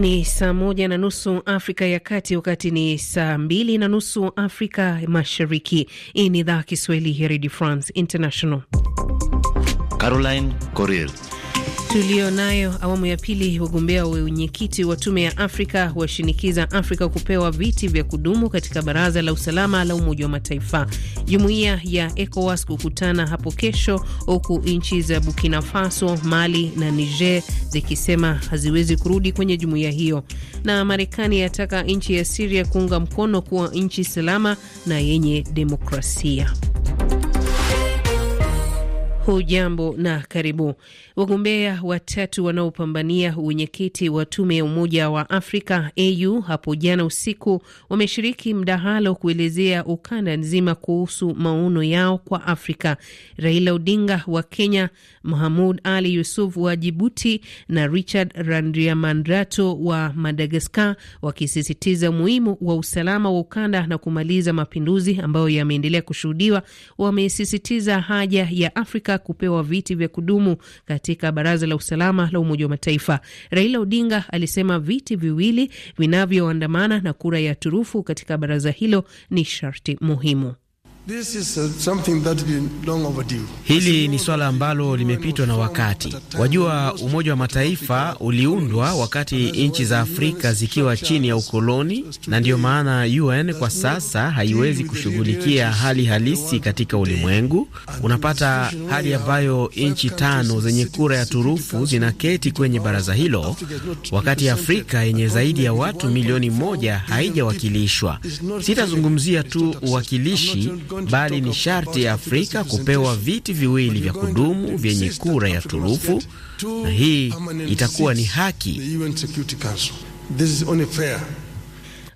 Ni saa moja na nusu Afrika ya Kati, wakati ni saa mbili na nusu Afrika Mashariki. Hii ni idhaa Kiswahili ya Redio France International. Caroline Coril tulio nayo awamu ya pili. Wagombea wa wenyekiti wa tume ya Afrika washinikiza Afrika kupewa viti vya kudumu katika baraza la usalama la Umoja wa Mataifa. Jumuiya ya ECOWAS kukutana hapo kesho, huku nchi za Burkina Faso, Mali na Niger zikisema haziwezi kurudi kwenye jumuiya hiyo. Na Marekani yataka nchi ya Siria kuunga mkono kuwa nchi salama na yenye demokrasia. Hujambo na karibu. Wagombea watatu wanaopambania uwenyekiti wa tume ya Umoja wa Afrika AU hapo jana usiku wameshiriki mdahalo kuelezea ukanda nzima kuhusu maono yao kwa Afrika. Raila Odinga wa Kenya, Mahamud Ali Yusuf wa Jibuti na Richard Randriamandrato wa Madagaskar, wakisisitiza umuhimu wa usalama wa ukanda na kumaliza mapinduzi ambayo yameendelea kushuhudiwa. Wamesisitiza haja ya Afrika kupewa viti vya kudumu katika baraza la usalama la Umoja wa Mataifa. Raila Odinga alisema viti viwili vinavyoandamana na kura ya turufu katika baraza hilo ni sharti muhimu. This is uh, something that long overdue. Hili ni swala ambalo limepitwa na wakati. Wajua, Umoja wa Mataifa uliundwa wakati nchi za Afrika zikiwa chini ya ukoloni, na ndiyo maana UN kwa sasa haiwezi kushughulikia hali halisi katika ulimwengu. Unapata hali ambayo nchi tano zenye kura ya turufu zinaketi kwenye baraza hilo, wakati Afrika yenye zaidi ya watu milioni moja haijawakilishwa. Sitazungumzia tu uwakilishi bali ni sharti ya Afrika kupewa viti viwili vya kudumu vyenye kura ya turufu, na hii itakuwa ni haki.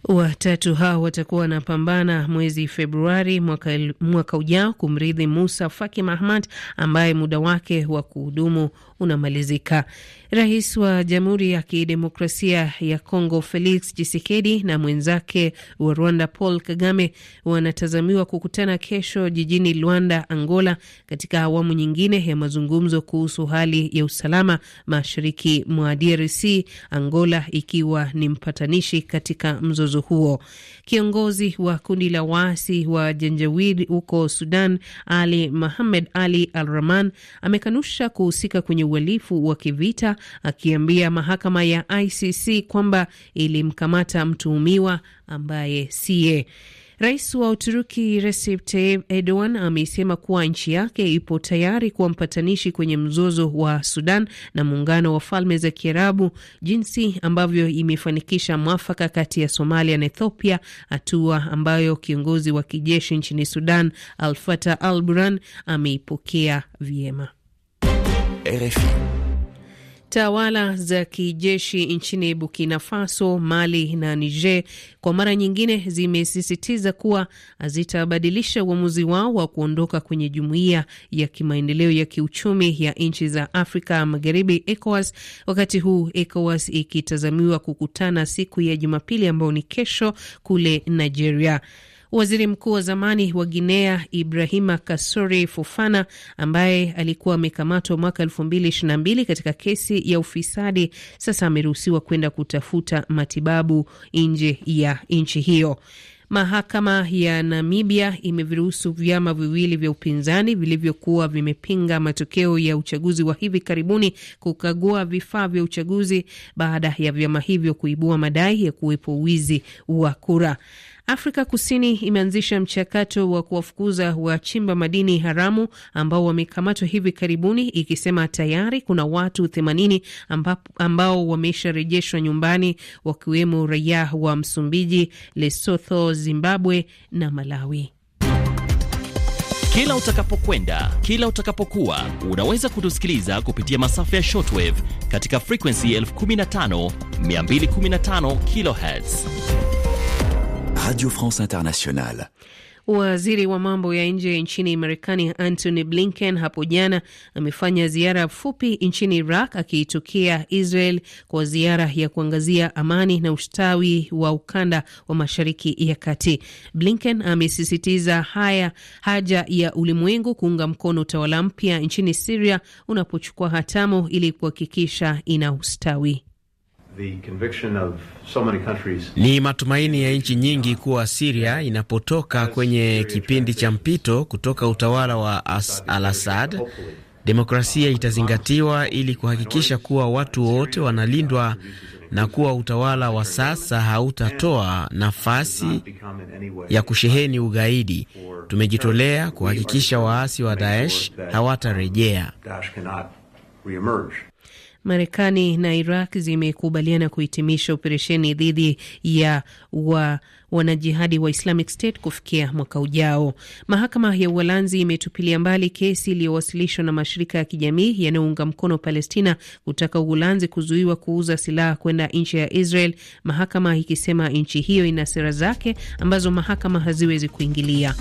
Watatu hao watakuwa wanapambana mwezi Februari mwaka, mwaka ujao kumrithi Musa Faki Mahamat ambaye muda wake wa kuhudumu unamalizika. Rais wa Jamhuri ya Kidemokrasia ya Kongo Felix Tshisekedi na mwenzake wa Rwanda Paul Kagame wanatazamiwa kukutana kesho jijini Luanda, Angola, katika awamu nyingine ya mazungumzo kuhusu hali ya usalama mashariki mwa DRC, Angola ikiwa ni mpatanishi katika mzozo mzozo huo. Kiongozi wa kundi la waasi wa Janjawid huko Sudan, Ali Mohamed Ali Al Rahman, amekanusha kuhusika kwenye uhalifu wa kivita, akiambia mahakama ya ICC kwamba ilimkamata mtuhumiwa ambaye siye. Rais wa Uturuki Recep Tayyip Erdogan amesema kuwa nchi yake ipo tayari kuwa mpatanishi kwenye mzozo wa Sudan na Muungano wa Falme za Kiarabu, jinsi ambavyo imefanikisha mwafaka kati ya Somalia na Ethiopia, hatua ambayo kiongozi wa kijeshi nchini Sudan alfata Fatah Al ameipokea vyema. RFI. Tawala za kijeshi nchini Burkina Faso, Mali na Niger kwa mara nyingine zimesisitiza kuwa zitabadilisha uamuzi wao wa kuondoka kwenye jumuiya ya kimaendeleo ya kiuchumi ya nchi za Afrika Magharibi, ECOWAS, wakati huu ECOWAS ikitazamiwa kukutana siku ya Jumapili ambayo ni kesho kule Nigeria. Waziri mkuu wa zamani wa Guinea Ibrahima Kasori Fofana, ambaye alikuwa amekamatwa mwaka mbili katika kesi ya ufisadi, sasa ameruhusiwa kwenda kutafuta matibabu nje ya nchi hiyo. Mahakama ya Namibia imeviruhusu vyama viwili vya upinzani vilivyokuwa vimepinga matokeo ya uchaguzi wa hivi karibuni kukagua vifaa vya uchaguzi baada ya vyama hivyo kuibua madai ya kuwepo wizi wa kura. Afrika Kusini imeanzisha mchakato wa kuwafukuza wachimba madini haramu ambao wamekamatwa hivi karibuni, ikisema tayari kuna watu 80 ambao wamesharejeshwa nyumbani, wakiwemo raia wa Msumbiji, Lesotho, Zimbabwe na Malawi. Kila utakapokwenda, kila utakapokuwa, unaweza kutusikiliza kupitia masafa ya shortwave katika frequency 15215 kilohertz Radio France Internationale. Waziri wa mambo ya nje nchini Marekani Antony Blinken hapo jana amefanya ziara fupi nchini Iraq akiitukia Israel kwa ziara ya kuangazia amani na ustawi wa ukanda wa Mashariki ya Kati. Blinken amesisitiza haya haja ya ulimwengu kuunga mkono utawala mpya nchini Siria unapochukua hatamu ili kuhakikisha ina ustawi. Ni matumaini ya nchi nyingi kuwa Siria inapotoka kwenye kipindi cha mpito kutoka utawala wa al-Assad, demokrasia itazingatiwa ili kuhakikisha kuwa watu wote wanalindwa na kuwa utawala wa sasa hautatoa nafasi ya kusheheni ugaidi. Tumejitolea kuhakikisha waasi wa Daesh hawatarejea. Marekani na Iraq zimekubaliana kuhitimisha operesheni dhidi ya wa wanajihadi wa Islamic State kufikia mwaka ujao. Mahakama ya Uholanzi imetupilia mbali kesi iliyowasilishwa na mashirika ya kijamii yanayounga mkono Palestina kutaka Uholanzi kuzuiwa kuuza silaha kwenda nchi ya Israel, mahakama ikisema nchi hiyo ina sera zake ambazo mahakama haziwezi kuingilia.